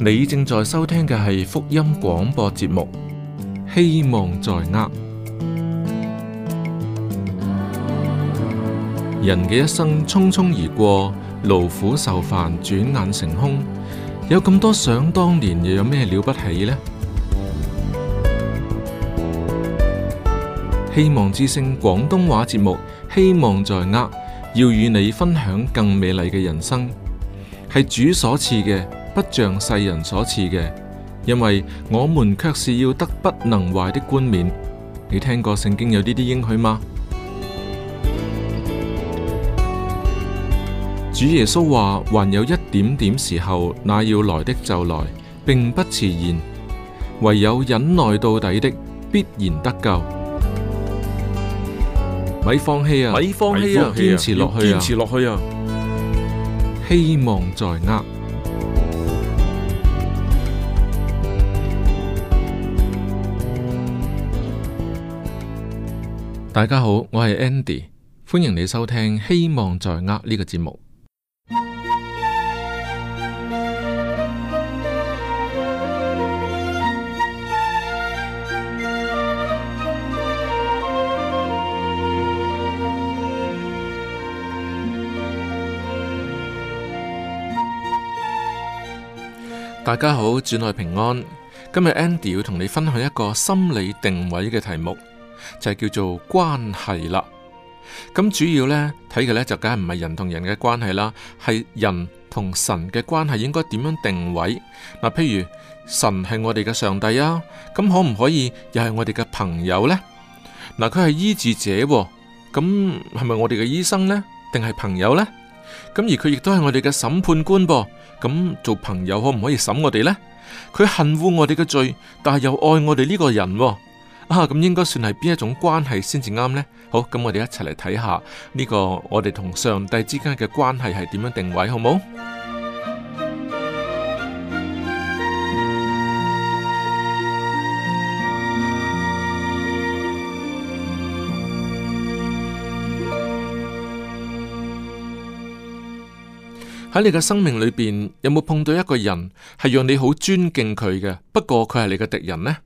你正在收聽嘅係福音廣播節目，希望在握。人嘅一生匆匆而過，勞苦受煩，轉眼成空。有咁多想當年，又有咩了不起呢？希望之聲廣東話節目，希望在握，要與你分享更美麗嘅人生，係主所賜嘅。不像世人所賜嘅，因為我們卻是要得不能壞的冠冕。你聽過聖經有呢啲應許嗎？主耶穌話：還有一點點時候，那要來的就來，並不遲延。唯有忍耐到底的，必然得救。咪放棄啊！咪放棄啊！堅持落去啊！堅持落去啊！希望在握。大家好，我係 Andy，歡迎你收聽《希望在握》呢個節目。大家好，轉來平安，今日 Andy 要同你分享一個心理定位嘅題目。就係叫做關係啦，咁主要咧睇嘅咧就梗係唔係人同人嘅關係啦，係人同神嘅關係應該點樣定位？嗱，譬如神係我哋嘅上帝啊，咁可唔可以又係我哋嘅朋友咧？嗱，佢係醫治者，咁係咪我哋嘅醫生咧？定係朋友咧？咁而佢亦都係我哋嘅審判官噃，咁做朋友可唔可以審我哋咧？佢恨惡我哋嘅罪，但係又愛我哋呢個人。啊，咁應該算係邊一種關係先至啱呢？好，咁我哋一齊嚟睇下呢個我哋同上帝之間嘅關係係點樣定位，好唔好？喺 你嘅生命裏邊，有冇碰到一個人係讓你好尊敬佢嘅？不過佢係你嘅敵人呢？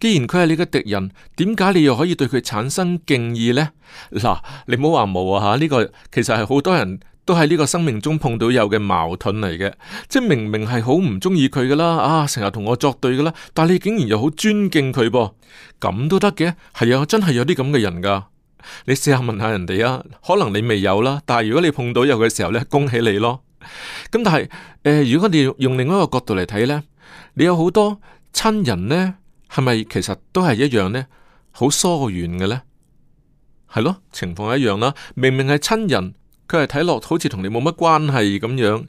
既然佢係你嘅敵人，點解你又可以對佢產生敬意呢？嗱，你唔好話冇啊吓呢個，其實係好多人都喺呢個生命中碰到有嘅矛盾嚟嘅，即係明明係好唔中意佢噶啦，啊成日同我作對噶啦，但係你竟然又好尊敬佢噃，咁都得嘅係啊，真係有啲咁嘅人噶。你試下問下人哋啊，可能你未有啦，但係如果你碰到有嘅時候呢，恭喜你咯。咁但係誒、呃，如果你用另一個角度嚟睇呢，你有好多親人呢。係咪其實都係一樣呢？好疏遠嘅呢？係咯，情況一樣啦。明明係親人，佢係睇落好似同你冇乜關係咁樣。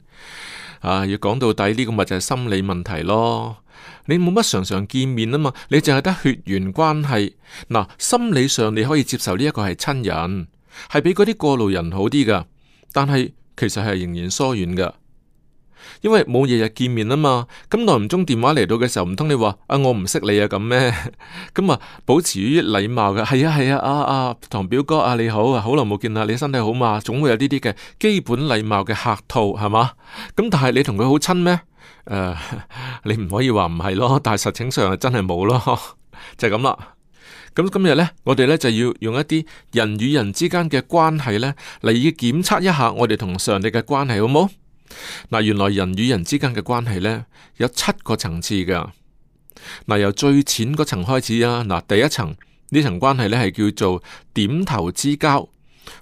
啊，要講到底呢個咪就係心理問題咯。你冇乜常常見面啊嘛，你淨係得血緣關係。嗱，心理上你可以接受呢一個係親人，係比嗰啲過路人好啲噶。但係其實係仍然疏遠噶。因為冇日日見面啊嘛，咁耐唔中電話嚟到嘅時候，唔通你話啊我唔識你啊咁咩？咁啊 保持於禮貌嘅，係啊係啊啊啊堂表哥啊你好啊好耐冇見啦，你身體好嘛？總會有呢啲嘅基本禮貌嘅客套係嘛？咁但係你同佢好親咩？誒、呃、你唔可以話唔係咯，但係實情上係真係冇咯，就係咁啦。咁今日呢，我哋呢就要用一啲人與人之間嘅關係呢嚟去檢測一下我哋同上帝嘅關係好冇？嗱，原來人與人之間嘅關係呢，有七個層次噶。嗱，由最淺嗰層開始啊。嗱，第一層呢層關係呢，係叫做點頭之交，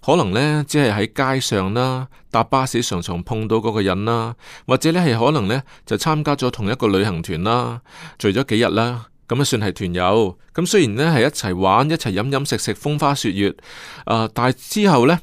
可能呢，只係喺街上啦，搭巴士常常碰到嗰個人啦，或者呢，係可能呢，就參加咗同一個旅行團啦，聚咗幾日啦，咁啊算係團友。咁雖然呢，係一齊玩，一齊飲飲食食，風花雪月，呃，但係之後呢。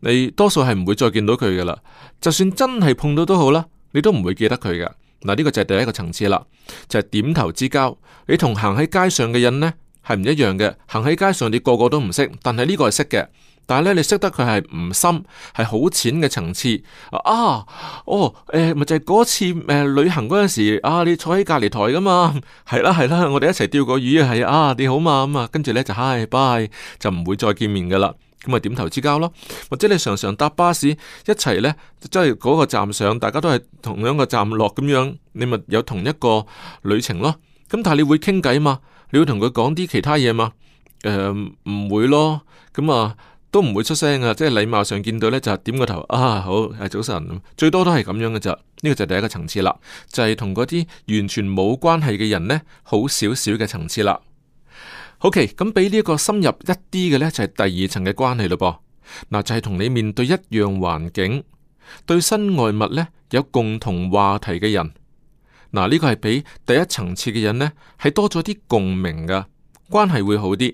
你多數係唔會再見到佢嘅啦，就算真係碰到都好啦，你都唔會記得佢嘅。嗱、這、呢個就係第一個層次啦，就係、是、點頭之交。你同行喺街上嘅人呢，係唔一樣嘅，行喺街上你個個都唔識，但係呢個係識嘅。但係呢，你識得佢係唔深，係好淺嘅層次。啊，哦，咪、呃、就係、是、嗰次誒旅行嗰陣時啊，你坐喺隔離台噶嘛，係啦係啦，我哋一齊釣過魚係啊，你好嘛咁啊，跟、嗯、住呢，就嗨，hi bye 就唔會再見面嘅啦。咁咪點頭之交咯，或者你常常搭巴士一齊呢，即係嗰個站上，大家都係同樣個站落咁樣，你咪有同一個旅程咯。咁但係你會傾偈嘛？你會同佢講啲其他嘢嘛？誒、呃、唔會咯，咁啊都唔會出聲啊，即係禮貌上見到呢，就係點個頭啊，好，早晨，最多都係咁樣嘅啫。呢、呢個就係第一個層次啦，就係同嗰啲完全冇關係嘅人呢，好少少嘅層次啦。好嘅，咁俾呢個深入一啲嘅，呢，就係第二層嘅關係咯，噃，嗱就係同你面對一樣環境，對新外物呢，有共同話題嘅人，嗱呢個係比第一層次嘅人呢，係多咗啲共鳴嘅，關係會好啲，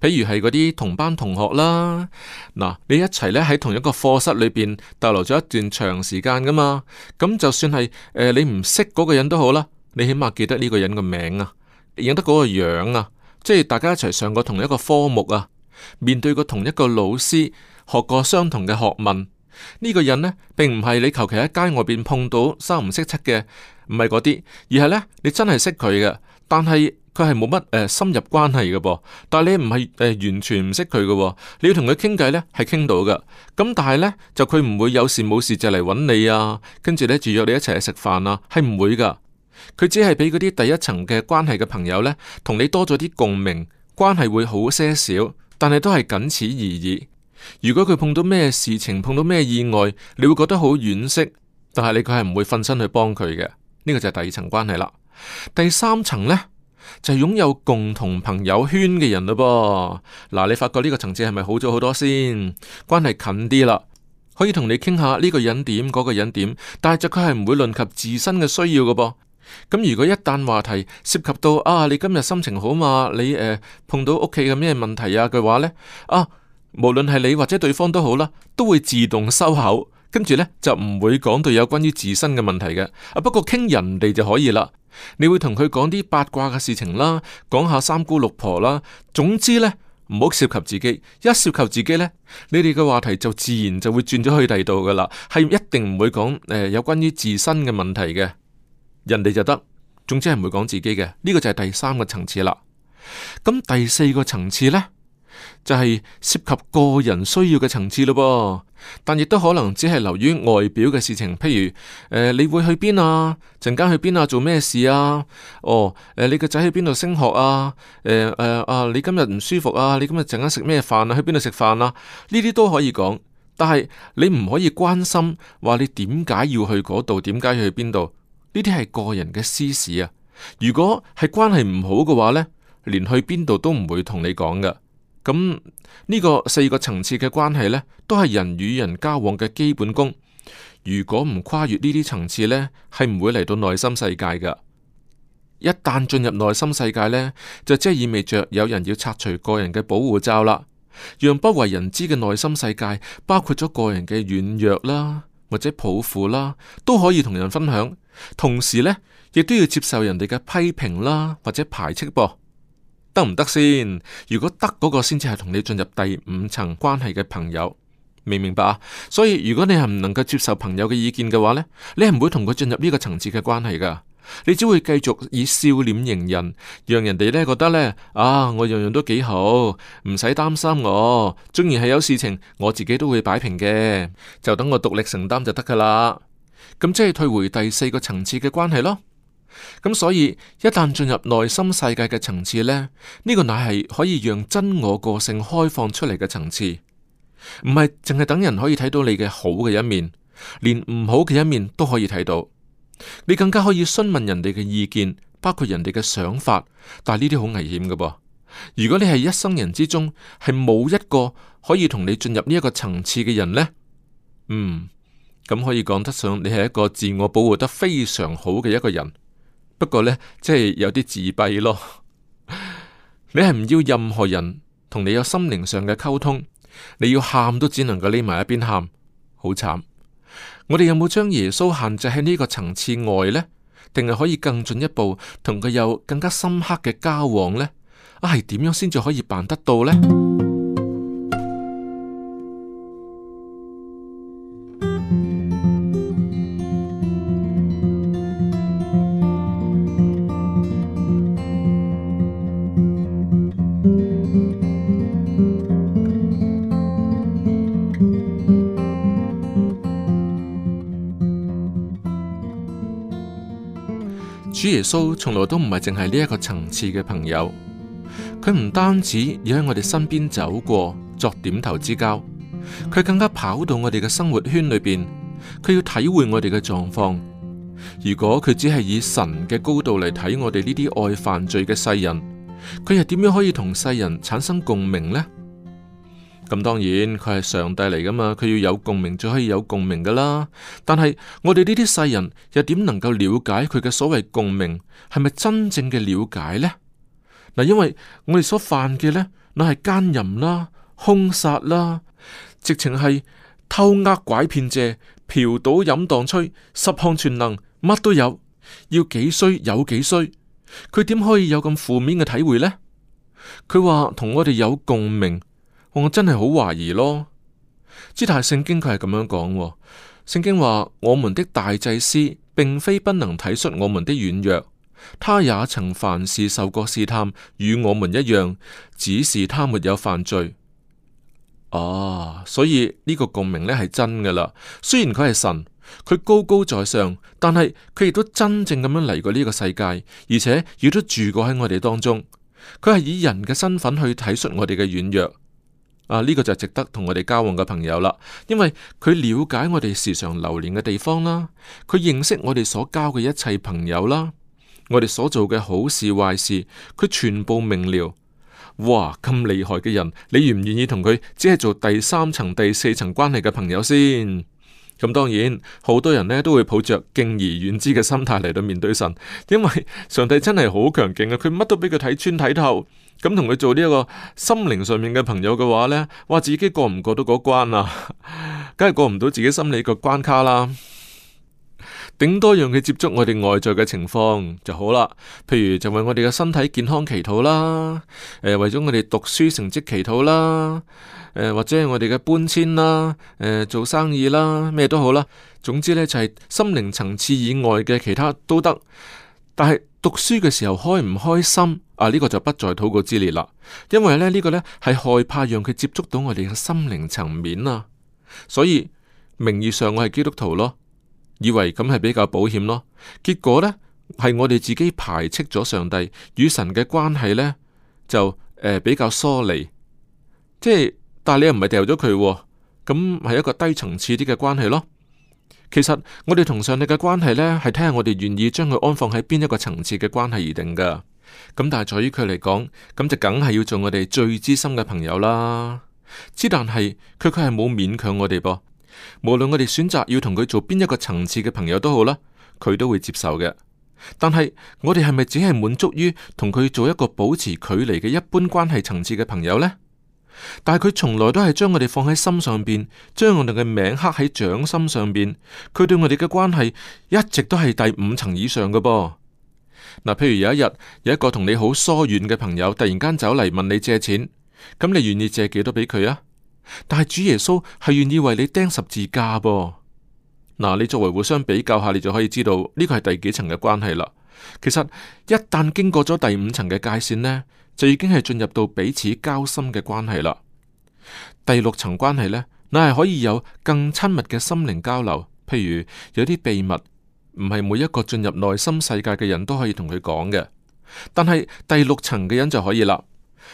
譬如係嗰啲同班同學啦，嗱你一齊呢，喺同一個課室裏邊逗留咗一段長時間噶嘛，咁就算係、呃、你唔識嗰個人都好啦，你起碼記得呢個人嘅名啊，認得嗰個樣啊。即係大家一齊上過同一個科目啊，面對過同一個老師，學過相同嘅學問，呢個人呢，並唔係你求其喺街外邊碰到三唔識七嘅，唔係嗰啲，而係呢，你真係識佢嘅，但係佢係冇乜呃、深入關係嘅噃，但係你唔係、呃、完全唔識佢嘅，你要同佢傾偈呢係傾到嘅，咁但係呢，就佢唔會有事冇事就嚟揾你啊，跟住呢，就約你一齊去食飯啊，係唔會噶。佢只係俾嗰啲第一層嘅關係嘅朋友呢，同你多咗啲共鳴，關係會好些少，但係都係僅此而已。如果佢碰到咩事情，碰到咩意外，你會覺得好惋惜，但係你佢係唔會奮身去幫佢嘅。呢、這個就係第二層關係啦。第三層呢，就係、是、擁有共同朋友圈嘅人咯噃。嗱、啊，你發覺呢個層次係咪好咗好多先？關係近啲啦，可以同你傾下呢、這個人點，嗰、這個人點，但係就佢係唔會論及自身嘅需要㗎噃。咁如果一旦話題涉及到啊，你今日心情好嘛？你誒、呃、碰到屋企嘅咩問題啊嘅話呢？啊，無論係你或者對方都好啦，都會自動收口，跟住呢，就唔會講到有關於自身嘅問題嘅。啊，不過傾人哋就可以啦。你會同佢講啲八卦嘅事情啦，講下三姑六婆啦，總之呢，唔好涉及自己。一涉及自己呢，你哋嘅話題就自然就會轉咗去第二度噶啦，係一定唔會講誒、呃、有關於自身嘅問題嘅。人哋就得，總之係唔會講自己嘅，呢、呢個就係第三個層次啦。咁第四個層次呢，就係、是、涉及個人需要嘅層次咯。噃，但亦都可能只係流於外表嘅事情，譬如、呃、你會去邊啊？陣間去邊啊？做咩事啊？哦、呃、你個仔去邊度升學啊？呃呃、啊你今日唔舒服啊？你今日陣間食咩飯啊？去邊度食飯啊？呢啲都可以講，但係你唔可以關心話你點解要去嗰度，點解要去邊度。呢啲係個人嘅私事啊！如果係關係唔好嘅話呢，連去邊度都唔會同你講噶。咁、嗯、呢、呢個四個層次嘅關係呢，都係人與人交往嘅基本功。如果唔跨越呢啲層次呢，係唔會嚟到內心世界噶。一旦進入內心世界呢，就即係意味着有人要拆除個人嘅保護罩啦，讓不為人知嘅內心世界，包括咗個人嘅軟弱啦。或者抱負啦，都可以同人分享，同時呢，亦都要接受人哋嘅批評啦，或者排斥噃，得唔得先？如果得嗰個，先至係同你進入第五層關係嘅朋友，明唔明白啊？所以如果你係唔能夠接受朋友嘅意見嘅話呢，你係唔會同佢進入呢個層次嘅關係噶。你只會繼續以笑臉迎人，讓人哋呢覺得呢啊，我樣樣都幾好，唔使擔心我，縱然係有事情我自己都會擺平嘅，就等我獨立承擔就得噶啦。咁即係退回第四個層次嘅關係咯。咁所以一旦進入內心世界嘅層次呢，呢個乃係可以讓真我個性開放出嚟嘅層次，唔係淨係等人可以睇到你嘅好嘅一面，連唔好嘅一面都可以睇到。你更加可以詢問人哋嘅意見，包括人哋嘅想法，但係呢啲好危險嘅噃。如果你係一生人之中係冇一個可以同你進入呢一個層次嘅人呢，嗯，咁可以講得上你係一個自我保護得非常好嘅一個人。不過呢，即係有啲自閉咯。你係唔要任何人同你有心靈上嘅溝通，你要喊都只能夠匿埋一邊喊，好慘。我哋有冇將耶穌限制喺呢個層次外呢？定係可以更進一步同佢有更加深刻嘅交往呢？啊，係點樣先至可以辦得到呢？主耶穌從來都唔係淨係呢一個層次嘅朋友，佢唔單止要喺我哋身邊走過，作點頭之交，佢更加跑到我哋嘅生活圈裏邊，佢要體會我哋嘅狀況。如果佢只係以神嘅高度嚟睇我哋呢啲愛犯罪嘅世人，佢又點樣可以同世人產生共鳴呢？咁當然佢係上帝嚟噶嘛，佢要有共鳴就可以有共鳴噶啦。但係我哋呢啲世人又點能夠了解佢嘅所謂共鳴係咪真正嘅了解呢？嗱，因為我哋所犯嘅呢，那係奸淫啦、兇殺啦，直情係偷呃拐騙借、嫖賭飲蕩吹，十項全能乜都有，要幾衰有幾衰，佢點可以有咁負面嘅體會呢？佢話同我哋有共鳴。我真係好懷疑咯。之但係聖經佢係咁樣講，聖經話我們的大祭司並非不能體恤我們的軟弱，他也曾凡事受過試探，與我們一樣，只是他沒有犯罪。啊，所以呢個共鳴呢係真噶啦。雖然佢係神，佢高高在上，但係佢亦都真正咁樣嚟過呢個世界，而且亦都住過喺我哋當中。佢係以人嘅身份去體恤我哋嘅軟弱。啊！呢個就值得同我哋交往嘅朋友啦，因為佢了解我哋時常流連嘅地方啦，佢認識我哋所交嘅一切朋友啦，我哋所做嘅好事壞事，佢全部明了。哇！咁厲害嘅人，你願唔願意同佢只係做第三層、第四層關係嘅朋友先？咁當然，好多人呢都會抱着敬而遠之嘅心態嚟到面對神，因為上帝真係好強勁啊！佢乜都俾佢睇穿睇透。咁同佢做呢一個心靈上面嘅朋友嘅話呢，哇，自己過唔過到嗰關啊？梗係過唔到自己心理個關卡啦。頂多讓佢接觸我哋外在嘅情況就好啦。譬如就為我哋嘅身體健康祈禱啦，誒、呃、為咗我哋讀書成績祈禱啦，誒、呃、或者係我哋嘅搬遷啦，誒、呃、做生意啦，咩都好啦。總之呢，就係、是、心靈層次以外嘅其他都得。但係讀書嘅時候開唔開心啊？呢個就不在討論之列啦。因為呢呢個呢係害怕讓佢接觸到我哋嘅心靈層面啊。所以名義上我係基督徒咯，以為咁係比較保險咯。結果呢係我哋自己排斥咗上帝與神嘅關係呢就誒、呃、比較疏離。即係，但係你又唔係掉咗佢，咁係一個低層次啲嘅關係咯。其實我哋同上帝嘅關係呢，係睇下我哋願意將佢安放喺邊一個層次嘅關係而定噶。咁但係在於佢嚟講，咁就梗係要做我哋最知心嘅朋友啦。之但係佢佢係冇勉強我哋噃，無論我哋選擇要同佢做邊一個層次嘅朋友都好啦，佢都會接受嘅。但係我哋係咪只係滿足於同佢做一個保持距離嘅一般關係層次嘅朋友呢？但係佢從來都係將我哋放喺心上邊，將我哋嘅名刻喺掌心上邊。佢對我哋嘅關係一直都係第五層以上嘅噃。嗱，譬如有一日有一個同你好疏遠嘅朋友突然間走嚟問你借錢，咁你願意借幾多俾佢啊？但係主耶穌係願意為你釘十字架噃。嗱，你作為互相比較下，你就可以知道呢個係第幾層嘅關係啦。其實一旦經過咗第五層嘅界線呢？就已經係進入到彼此交心嘅關係啦。第六層關係呢，乃係可以有更親密嘅心靈交流，譬如有啲秘密唔係每一個進入內心世界嘅人都可以同佢講嘅，但係第六層嘅人就可以啦。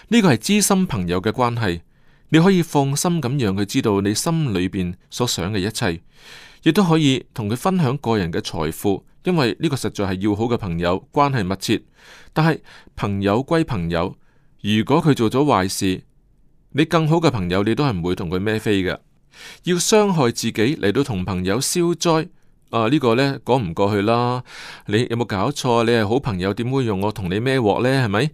呢個係知心朋友嘅關係，你可以放心咁讓佢知道你心裏邊所想嘅一切，亦都可以同佢分享個人嘅財富。因為呢個實在係要好嘅朋友，關係密切。但係朋友歸朋友，如果佢做咗壞事，你更好嘅朋友你都係唔會同佢孭飛嘅。要傷害自己，嚟到同朋友消災。啊，呢個呢講唔過去啦。你有冇搞錯？你係好朋友，點會用我同你孭鑊呢？係咪？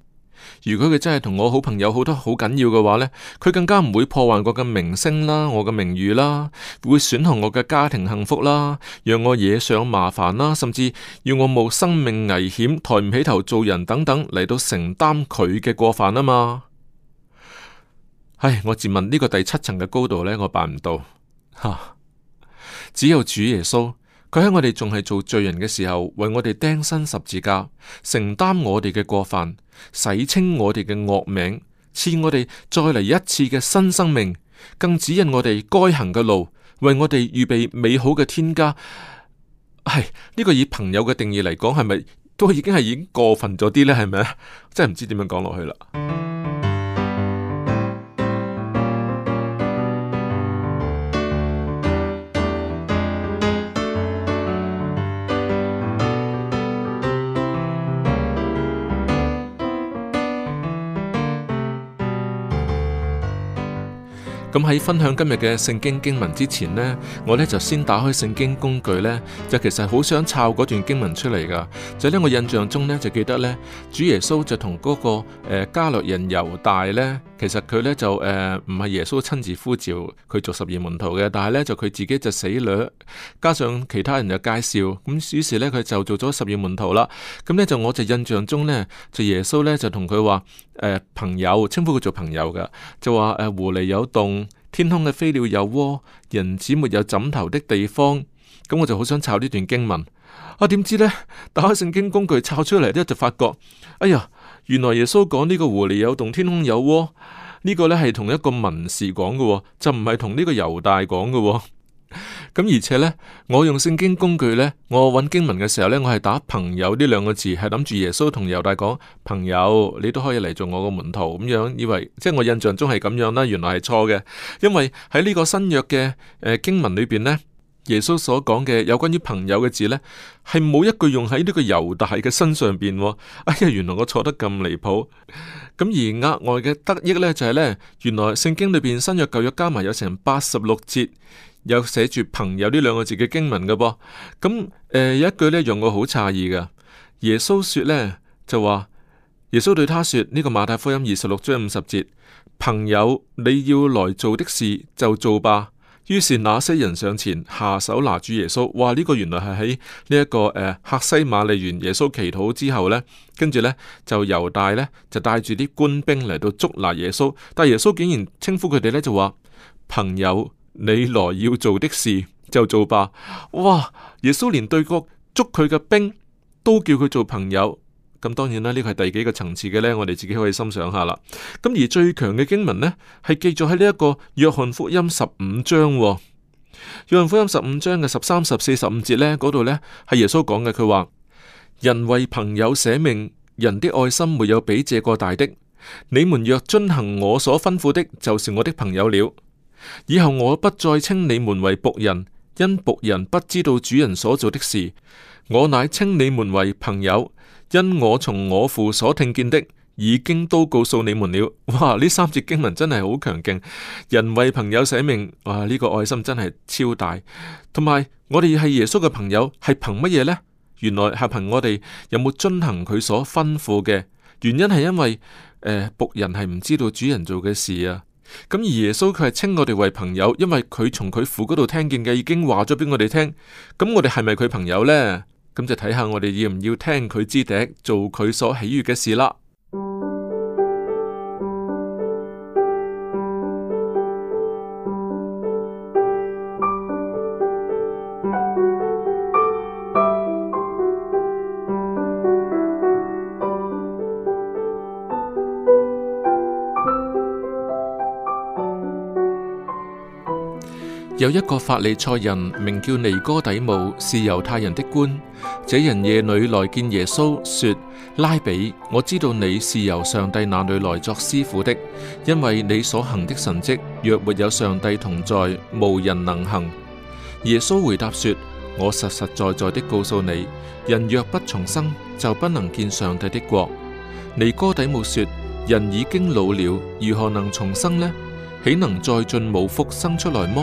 如果佢真係同我好朋友好多好緊要嘅話呢，佢更加唔會破壞我嘅名聲啦，我嘅名譽啦，會損害我嘅家庭幸福啦，讓我惹上麻煩啦，甚至要我冇生命危險，抬唔起頭做人等等嚟到承擔佢嘅過犯啊嘛！唉，我自問呢個第七層嘅高度呢，我辦唔到吓，只有主耶穌。佢喺我哋仲係做罪人嘅時候，為我哋釘身十字架，承擔我哋嘅過犯，洗清我哋嘅惡名，賜我哋再嚟一次嘅新生命，更指引我哋該行嘅路，為我哋預備美好嘅天家。係呢、這個以朋友嘅定義嚟講，係咪都已經係已經過分咗啲呢？係咪？真係唔知點樣講落去啦。咁喺分享今日嘅聖經經文之前呢，我呢就先打開聖經工具呢，就其實好想抄嗰段經文出嚟噶。就喺我印象中呢，就記得呢，主耶穌就同嗰、那個誒、呃、加略人猶大呢。其實佢呢就誒唔係耶穌親自呼召佢做十二門徒嘅，但係呢就佢自己就死略，加上其他人嘅介紹，咁於是呢，佢就做咗十二門徒啦。咁、嗯、呢，就我就印象中呢，就耶穌呢就同佢話誒朋友，稱呼佢做朋友㗎，就話誒、呃、狐狸有洞，天空嘅飛鳥有窩，人子沒有枕頭的地方。咁、嗯、我就好想抄呢段經文，啊點知呢？打開聖經工具抄出嚟呢就發覺，哎呀！原來耶穌講呢個狐狸有洞，天空有窩，呢個呢係同一個文士講嘅，就唔係同呢個猶大講嘅。咁 而且呢，我用聖經工具呢，我搵經文嘅時候呢，我係打朋友呢兩個字，係諗住耶穌同猶大講朋友，你都可以嚟做我嘅門徒咁樣，以為即係我印象中係咁樣啦。原來係錯嘅，因為喺呢個新約嘅誒經文裏邊呢。耶穌所講嘅有關於朋友嘅字呢，係冇一句用喺呢個猶大嘅身上邊喎。哎呀，原來我錯得咁離譜。咁而額外嘅得益呢，就係、是、呢，原來聖經裏邊新約舊約加埋有成八十六節，有寫住朋友呢兩個字嘅經文嘅噃。咁、嗯、誒、呃、有一句呢，讓我好詫異嘅。耶穌說呢，就話耶穌對他說呢，這個馬太福音二十六章五十節，朋友，你要來做的事就做吧。於是那些人上前下手拿住耶穌，哇！呢、這個原來係喺呢一個誒，客、呃、西馬利園耶穌祈禱之後咧，跟住咧就猶大咧就帶住啲官兵嚟到捉拿耶穌，但耶穌竟然稱呼佢哋咧就話：朋友，你來要做的事就做吧。哇！耶穌連對角捉佢嘅兵都叫佢做朋友。咁當然啦，呢個係第幾個層次嘅呢？我哋自己可以心想下啦。咁而最強嘅經文呢，係記載喺呢一個約翰福音十五章。約翰福音十五、哦、章嘅十三、十四、十五節呢嗰度呢，係耶穌講嘅。佢話人為朋友捨命，人的愛心沒有比這個大的。你們若遵行我所吩咐的，就是我的朋友了。以後我不再稱你們為僕人，因僕人不知道主人所做的事，我乃稱你們為朋友。因我從我父所聽見的，已經都告訴你們了。哇！呢三節經文真係好強勁。人為朋友捨命，哇！呢個愛心真係超大。同埋，我哋係耶穌嘅朋友，係憑乜嘢呢？原來係憑我哋有冇遵行佢所吩咐嘅。原因係因為，呃、僕人係唔知道主人做嘅事啊。咁而耶穌佢係稱我哋為朋友，因為佢從佢父嗰度聽見嘅已經話咗俾我哋聽。咁我哋係咪佢朋友呢？咁就睇下我哋要唔要聽佢之笛，做佢所喜悅嘅事啦。有一個法利賽人名叫尼哥底母，是猶太人的官。這人夜裏來見耶穌，說：拉比，我知道你是由上帝那裏來作師傅的，因為你所行的神蹟，若沒有上帝同在，無人能行。耶穌回答說：我實實在在的告訴你，人若不重生，就不能見上帝的國。尼哥底母說：人已經老了，如何能重生呢？豈能再進母腹生出來麼？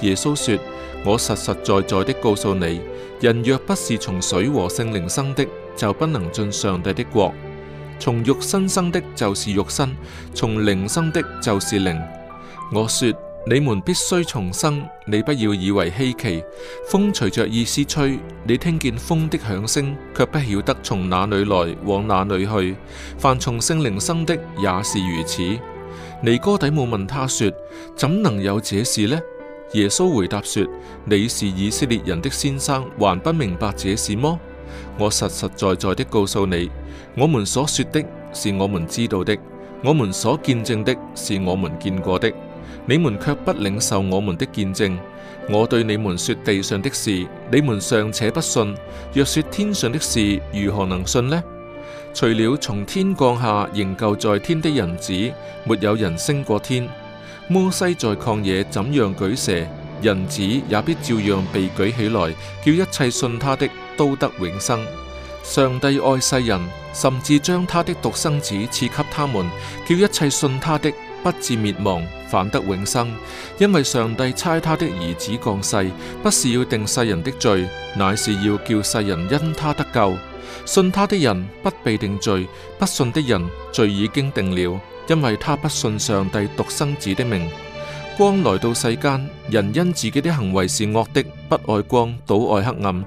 耶穌說：我實實在在的告訴你，人若不是從水和聖靈生的，就不能進上帝的國。從肉身生的就是肉身，從靈生的就是靈。我說你們必須重生，你不要以為稀奇。風隨着意思吹，你聽見風的響聲，卻不曉得從哪裏來，往哪裏去。凡從聖靈生的也是如此。尼哥底母問他說：怎能有這事呢？耶穌回答說：你是以色列人的先生，還不明白這事嗎？我實實在在的告訴你，我們所說的是我們知道的，我們所見證的是我們見過的，你們卻不領受我們的見證。我對你們說地上的事，你們尚且不信，若說天上的事，如何能信呢？除了從天降下仍舊在天的人子，沒有人升過天。摩西在曠野怎樣舉蛇，人子也必照樣被舉起來，叫一切信他的都得永生。上帝愛世人，甚至將他的獨生子賜給他們，叫一切信他的不至滅亡，反得永生。因為上帝差他的兒子降世，不是要定世人的罪，乃是要叫世人因他得救。信他的人不被定罪，不信的人罪已經定了。因為他不信上帝獨生子的命。光來到世間，人因自己的行為是惡的，不愛光，倒愛黑暗，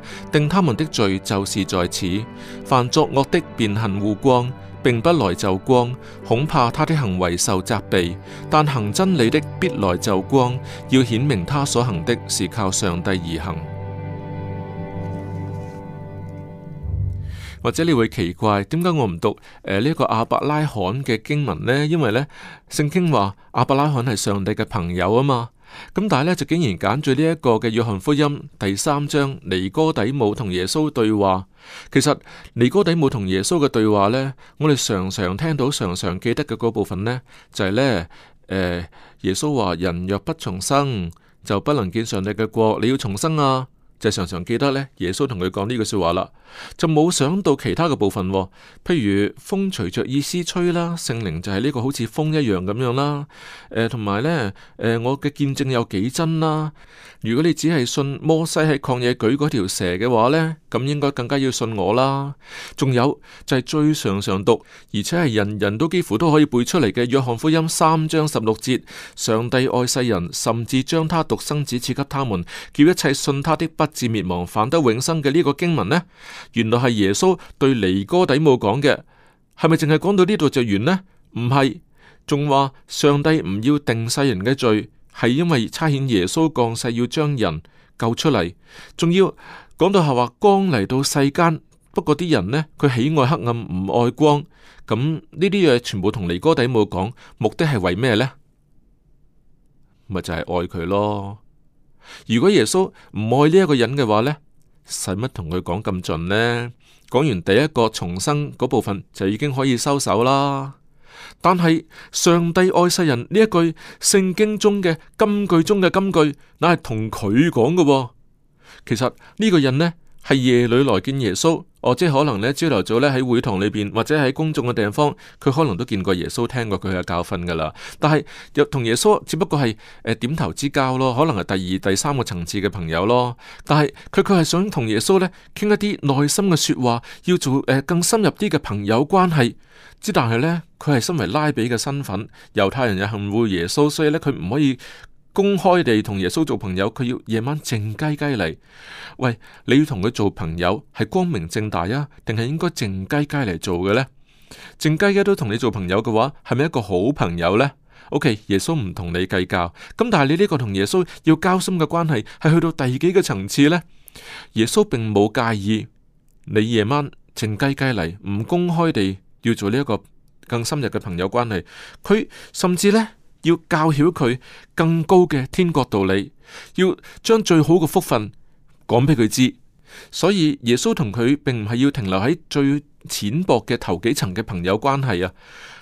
或者你會奇怪點解我唔讀誒呢、呃呢個亞伯拉罕嘅經文呢？因為咧，聖經話亞伯拉罕係上帝嘅朋友啊嘛。咁但係呢，就竟然揀住呢一個嘅約翰福音第三章尼哥底母同耶穌對話。其實尼哥底母同耶穌嘅對話呢，我哋常常聽到、常常記得嘅部分呢，就係、是、呢：呃「耶穌話人若不重生，就不能見上帝嘅國。你要重生啊！就常常記得呢，耶穌同佢講呢句説話啦，就冇想到其他嘅部分、哦，譬如風隨着意思吹啦，聖靈就係呢個好似風一樣咁樣啦，同、呃、埋呢，呃、我嘅見證有幾真啦、啊。如果你只係信摩西喺曠野舉嗰條蛇嘅話呢，咁應該更加要信我啦。仲有就係、是、最常常讀，而且係人人都幾乎都可以背出嚟嘅《約翰福音》三章十六節：上帝愛世人，甚至將他獨生子賜給他們，叫一切信他的不至滅亡，反得永生嘅呢個經文呢？原來係耶穌對尼哥底母講嘅，係咪淨係講到呢度就完呢？唔係，仲話上帝唔要定世人嘅罪，係因為差遣耶穌降世要將人救出嚟，仲要講到係話光嚟到世間，不過啲人呢，佢喜愛黑暗唔愛光，咁呢啲嘢，全部同尼哥底母講，目的係為咩呢？咪就係愛佢咯。如果耶穌唔愛呢一個人嘅話呢，使乜同佢講咁盡呢？講完第一個重生嗰部分就已經可以收手啦。但係上帝愛世人呢一句聖經中嘅金句中嘅金句，乃係同佢講嘅。其實呢個人呢，係夜裏來見耶穌。我即係可能咧，朝頭早咧喺會堂裏邊，或者喺公眾嘅地方，佢可能都見過耶穌，聽過佢嘅教訓噶啦。但係又同耶穌只不過係誒點頭之交咯，可能係第二、第三個層次嘅朋友咯。但係佢佢係想同耶穌咧傾一啲內心嘅說話，要做誒更深入啲嘅朋友關係。之但係咧，佢係身為拉比嘅身份，猶太人又恨惡耶穌，所以咧佢唔可以。公開地同耶穌做朋友，佢要夜晚靜雞雞嚟。喂，你要同佢做朋友，係光明正大啊，定係應該靜雞雞嚟做嘅呢？靜雞雞都同你做朋友嘅話，係咪一個好朋友呢？OK，耶穌唔同你計較。咁但係你呢個同耶穌要交心嘅關係，係去到第幾個層次呢？耶穌並冇介意你夜晚靜雞雞嚟，唔公開地要做呢一個更深入嘅朋友關係。佢甚至呢……要教曉佢更高嘅天國道理，要將最好嘅福分講俾佢知，所以耶穌同佢並唔係要停留喺最淺薄嘅頭幾層嘅朋友關係啊，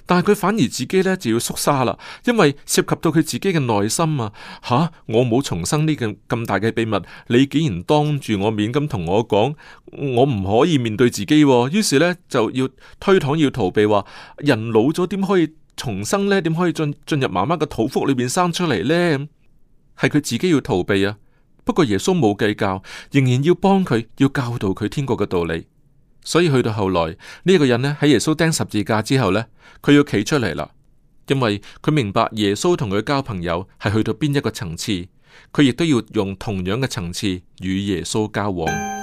但係佢反而自己呢就要縮沙啦，因為涉及到佢自己嘅內心啊，吓，我冇重生呢個咁大嘅秘密，你竟然當住我面咁同我講，我唔可以面對自己，哦，於是呢，就要推搪要逃避，話人老咗點可以？重生呢點可以進進入媽媽嘅肚腹裏邊生出嚟呢？係佢自己要逃避啊。不過耶穌冇計較，仍然要幫佢，要教導佢天國嘅道理。所以去到後來，呢、這、一個人呢喺耶穌釘十字架之後呢，佢要企出嚟啦，因為佢明白耶穌同佢交朋友係去到邊一個層次，佢亦都要用同樣嘅層次與耶穌交往。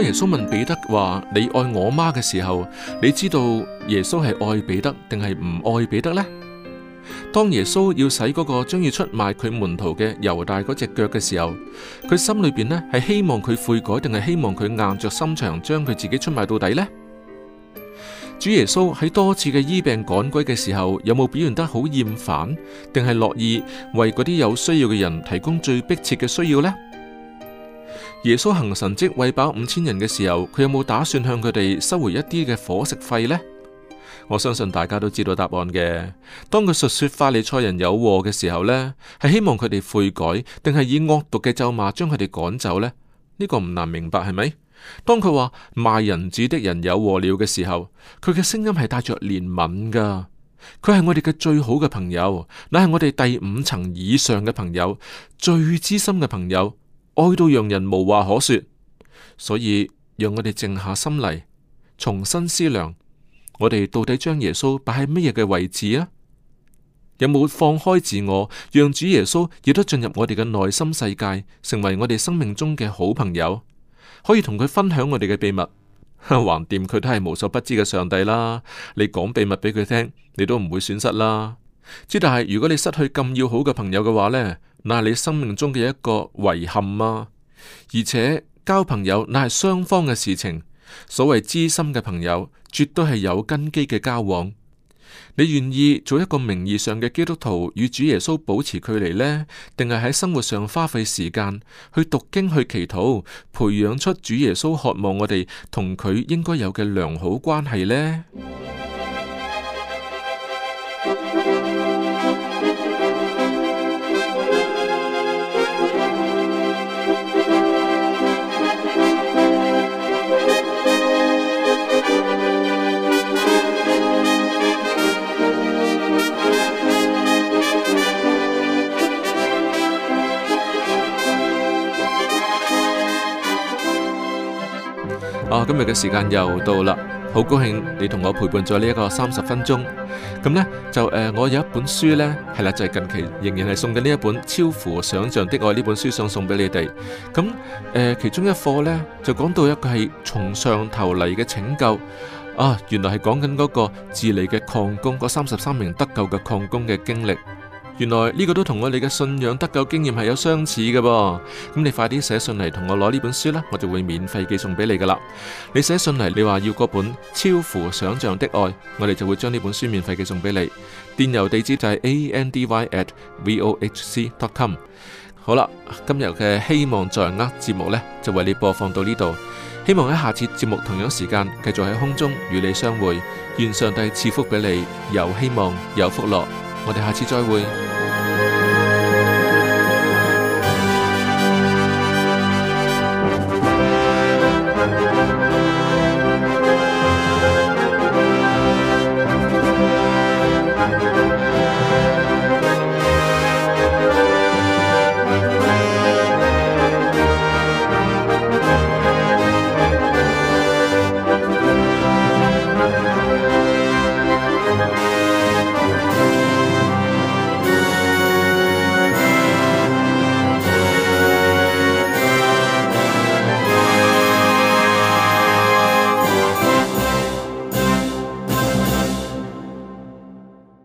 當耶穌問彼得話：你愛我媽嘅時候，你知道耶穌係愛彼得定係唔愛彼得呢？當耶穌要洗嗰個將要出賣佢門徒嘅猶大嗰隻腳嘅時候，佢心裏邊呢係希望佢悔改，定係希望佢硬着心腸將佢自己出賣到底呢？主耶穌喺多次嘅醫病趕鬼嘅時候，有冇表現得好厭煩，定係樂意爲嗰啲有需要嘅人提供最迫切嘅需要呢？耶穌行神蹟餵飽五千人嘅時候，佢有冇打算向佢哋收回一啲嘅伙食費呢？我相信大家都知道答案嘅。當佢述說法利賽人有禍嘅時候呢，係希望佢哋悔改，定係以惡毒嘅咒罵將佢哋趕走呢？呢個唔難明白，係咪？當佢話賣人子的人有禍了嘅時候，佢嘅聲音係帶着憐憫噶。佢係我哋嘅最好嘅朋友，乃係我哋第五層以上嘅朋友，最知心嘅朋友。愛到讓人無話可說，所以讓我哋靜下心嚟，重新思量，我哋到底將耶穌擺喺乜嘢嘅位置啊？有冇放開自我，讓主耶穌亦都進入我哋嘅內心世界，成為我哋生命中嘅好朋友，可以同佢分享我哋嘅秘密？橫掂佢都係無所不知嘅上帝啦，你講秘密俾佢聽，你都唔會損失啦。只但係如果你失去咁要好嘅朋友嘅話呢？嗱，那你生命中嘅一個遺憾啊！而且交朋友乃係雙方嘅事情，所謂知心嘅朋友絕對係有根基嘅交往。你願意做一個名義上嘅基督徒，與主耶穌保持距離呢？定係喺生活上花費時間去讀經、去祈禱，培養出主耶穌渴望我哋同佢應該有嘅良好關係呢？今日嘅時間又到啦，好高興你同我陪伴咗呢一個三十分鐘。咁呢就誒，我有一本書呢係啦，就係近期仍然係送緊呢一本超乎想象的愛呢本書，想送俾你哋。咁誒，其中一課呢就講到一個係從上頭嚟嘅拯救啊，原來係講緊嗰個智利嘅礦工嗰三十三名得救嘅礦工嘅經歷。原來呢，這個都同我哋嘅信仰得救經驗係有相似嘅噃，哦，咁你快啲寫信嚟，同我攞呢本書啦，我就會免費寄送俾你噶啦。你寫信嚟，你話要嗰本超乎想象的愛，我哋就會將呢本書免費寄送俾你。電郵地址就係 andy@vohc.com、oh、o。好啦，今日嘅希望在握節目呢，就為你播放到呢度，希望喺下次節目同樣時間繼續喺空中與你相會。願上帝賜福俾你，有希望有福樂。我哋下次再會。